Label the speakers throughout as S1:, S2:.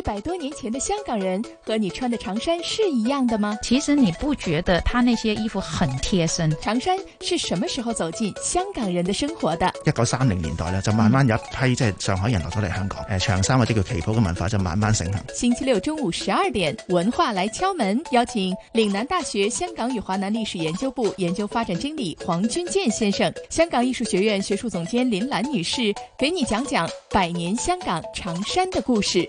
S1: 一百多年前的香港人和你穿的長衫是一樣的嗎？其實你不覺得他那些衣服很貼身？長衫是什麼時候走進香港人的生活的？
S2: 一九三零年代呢，就慢慢有一批即係上海人落咗嚟香港，誒、嗯呃，長衫或者叫旗袍嘅文化就慢慢盛行。
S1: 星期六中午十二點，文化來敲門，邀請嶺南大學香港與華南歷史研究部研究發展經理黃軍健先
S3: 生，香港藝術學院學術總監林蘭女士，給你講講百年香港長衫的故事。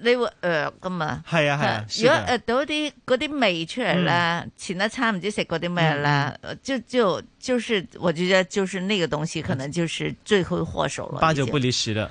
S4: 你會呃噶嘛？係啊係啊，如果呃到啲嗰啲味出嚟咧，前一餐唔知食過啲咩啦，就就就是我覺得就是那個東西可能就是罪魁
S2: 禍首咯，八九不離十的。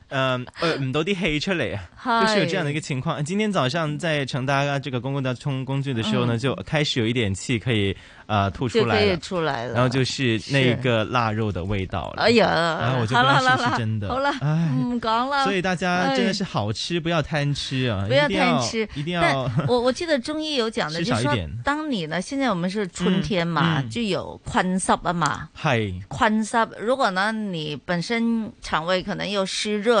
S2: 嗯呃唔多啲氣出嚟啊，就是有這樣的一個情況。今天早上在乘搭這個公共交通工具的時候呢、嗯，就開始有一點氣可以啊、呃、吐出來，了出來了，然後就是那個臘肉的味道了。哎
S3: 呀，然後我
S2: 就不知道是不是真的。好
S1: 了、嗯，所以大家真的是好吃，好好、嗯、是
S2: 好吃好不要貪吃啊，不要貪吃，一定要。但我
S4: 我記得中醫有講的 少一點就是說，當你呢現在我們是春天嘛，嗯嗯、就有困濕啊嘛，困、哎、濕。如果呢你本身腸胃可能又濕熱。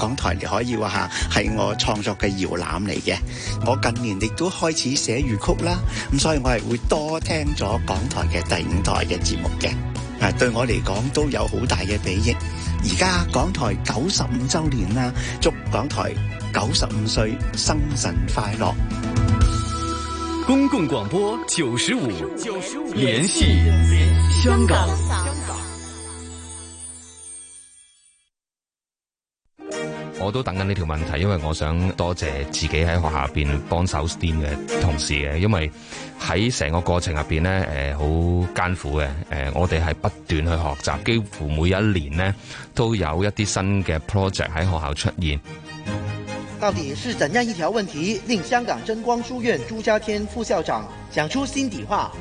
S5: 港台你可以話吓，係我創作嘅搖籃嚟嘅。我近年亦都開始寫粵曲啦，咁所以我係會多聽咗港台嘅第五台嘅節目嘅，啊對我嚟講都有好大嘅裨益。而家港台九十五周年啦，祝港台九十五歲生辰快樂！公共廣播九十五，聯繫香港。香
S6: 港香港香港
S7: 我都等緊呢條問題，因為我想多謝自己喺學校邊幫手 STEM 嘅同事，因為喺成個過程入邊呢，誒、呃、好艱苦嘅。誒、呃，我哋係不斷去學習，幾乎每一年呢，都有一啲新嘅 project 喺學校出現。
S5: 到底是怎樣一條問題令香港真光書院朱家天副校長講出心底話？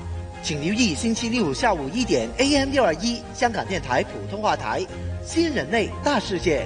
S5: 請留意星期六下午一點 AM 六二一香港電台普通話台《新人類大世界》。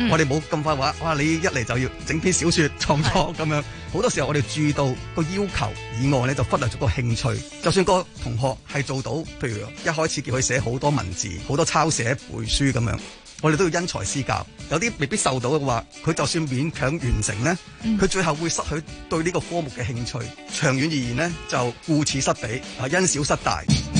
S5: 嗯、我哋冇咁快話，哇！你一嚟就要整篇小説創作咁樣，好多時候我哋注到個要求以外咧，就忽略咗個興趣。就算個同學係做到，譬如一開始叫佢寫好多文字、好多抄寫背書咁樣，我哋都要因材施教。有啲未必受到嘅話，佢就算勉強完成咧，佢、嗯、最後會失去對呢個科目嘅興趣。長遠而言咧，就顧此失彼，啊，因小失大。嗯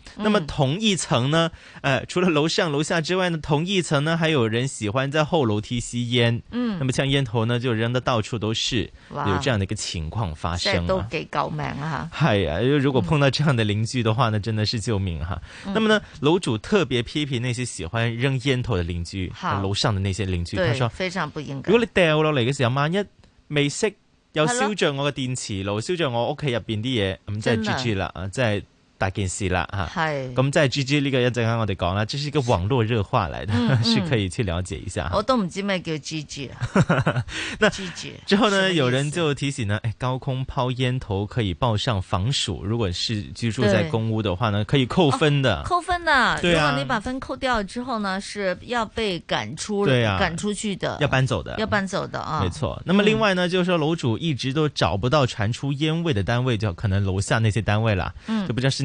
S2: 那麼同一層呢、嗯？呃，除了樓上樓下之外呢，同一層呢還有人喜歡在後樓梯吸煙。嗯，那麼像煙頭呢就扔得到處都是，有這樣的一個情況發生、啊。
S4: 即係都幾救命啊！
S2: 吓，係啊，如果碰到這樣的鄰居的話呢，真的是救命哈、啊嗯。那麼呢，樓主特別批評那些喜歡扔煙頭的鄰居哈，樓上的那些鄰居，他說非
S4: 常不應該。如
S2: 果你掉落嚟嘅時候，萬一未熄又燒着我嘅電磁爐，燒着我屋企入邊啲嘢，咁即係住住啦啊，即係。大件事啦，哈，係、嗯，咁再係 G G 呢個一陣間我哋講啦，這是一個網絡熱話嚟的，是可以去了解一下。我
S4: 都唔知咩叫 G G，那之後呢，有
S2: 人就提醒呢，誒、哎，高空拋煙頭可以報上房署，如果是居住在公屋的話呢，可以扣分的，哦、扣分
S4: 的、啊啊，如果你把分扣掉之後呢，是要被趕出，對啊，趕出去的，
S2: 要搬走的，要搬
S4: 走的啊、哦，沒
S2: 錯。那麼另外呢，就是說樓主一直都找不到傳出煙味的單位，嗯、就可能樓下那些單位啦，嗯，就不知道是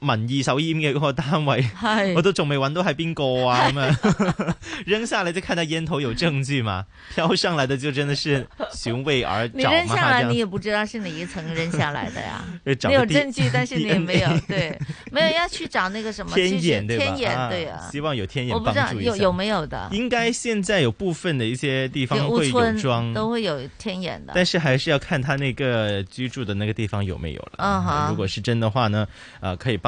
S2: 民意手煙嘅嗰個單位，我都仲未揾到係邊個啊咁樣， 扔下來就看到煙頭有證據嘛，飄上來的就真的是尋味而找嘛。 你扔下來，你也
S4: 不知道是哪一層扔下來的呀，沒 有證據， 但是你也沒有， 對，沒有要去找那個什麼天眼，對吧天眼，天眼、啊、對啊，希望有天眼幫助一下。我不知道有有沒有的，
S2: 應該現在有部分的一些地方會有裝，有屋村都
S4: 會有天眼的，但
S2: 是還是要看他那個居住的那個地方有沒有了。Uh-huh. 嗯、如果是真的話呢，呃、可以幫。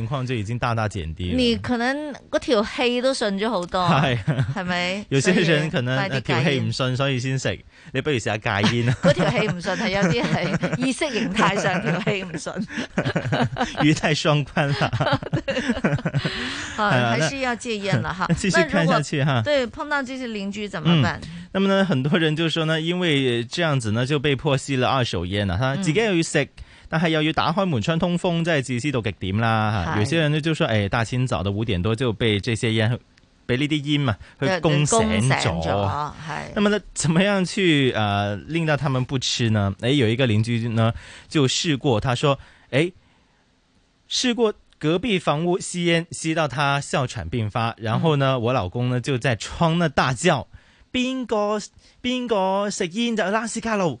S2: 情況就已經大大減低，你
S4: 可能嗰條氣都順咗好多，係，係咪？有些人可能、啊、條氣唔
S2: 順，所以先食，你不如試下戒煙啊。嗰
S4: 條氣唔順係有啲係意識形態上條氣
S1: 唔順，
S2: 語態雙關啊。 好，還是要戒煙啦，哈。繼續看下去哈。對，
S4: 碰到這些鄰居怎麼辦、嗯？
S2: 那麼呢，很多人就說呢，因為這樣子呢，就被迫吸了二手煙啦。他自己又要食。但係又要打開門窗通風，真係自私到極點啦！有些人呢就說：誒、哎，大清早的五點多就被這些煙，被呢啲煙啊，去攻醒咗。係，那麼呢，怎麼樣去啊、呃、令到他們不吃呢？誒、哎，有一個鄰居呢就試過，他說：哎，試過隔壁房屋吸煙吸到他哮喘病發，然後呢，我老公呢就在窗那大叫：邊個，邊個食煙就拉斯卡路！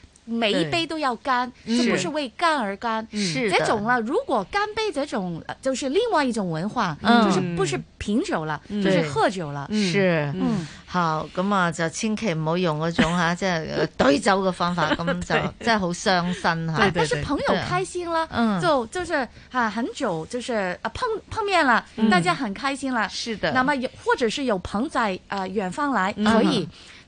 S1: 每一杯都要乾，這不是為乾而乾。是這種了，如果乾杯這種，就是另外一種文化，嗯、就是不是
S4: 品酒了，嗯、就是喝
S1: 酒了。嗯、是、嗯，
S4: 好，咁啊就千祈唔好用嗰種吓，即係懟酒嘅方法，咁就 真係好傷身。吓、啊。但是朋友開
S1: 心啦，就就是啊，很久就是、啊、碰碰面了、嗯，大家很開心啦。是的，那麼有，或者是有朋友啊，遠方來可、嗯、以。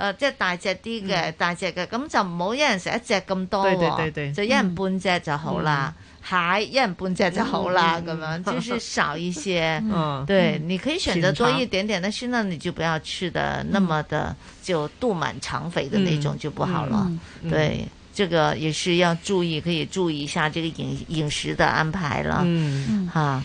S4: 誒、嗯，即係大隻啲嘅，大隻嘅，咁就唔好一人食一隻咁多，就一人半隻就好啦。蟹一人半隻就好啦，咁樣就是少一些、嗯。對，你可以選擇多一點點，嗯、但是呢，你就不要吃得那麼的就肚滿腸肥的那種就不好了。嗯嗯嗯、對、嗯嗯，這個也是要注意，可以注意一下這個飲飲食的安排啦、嗯。嗯，哈。嗯嗯哈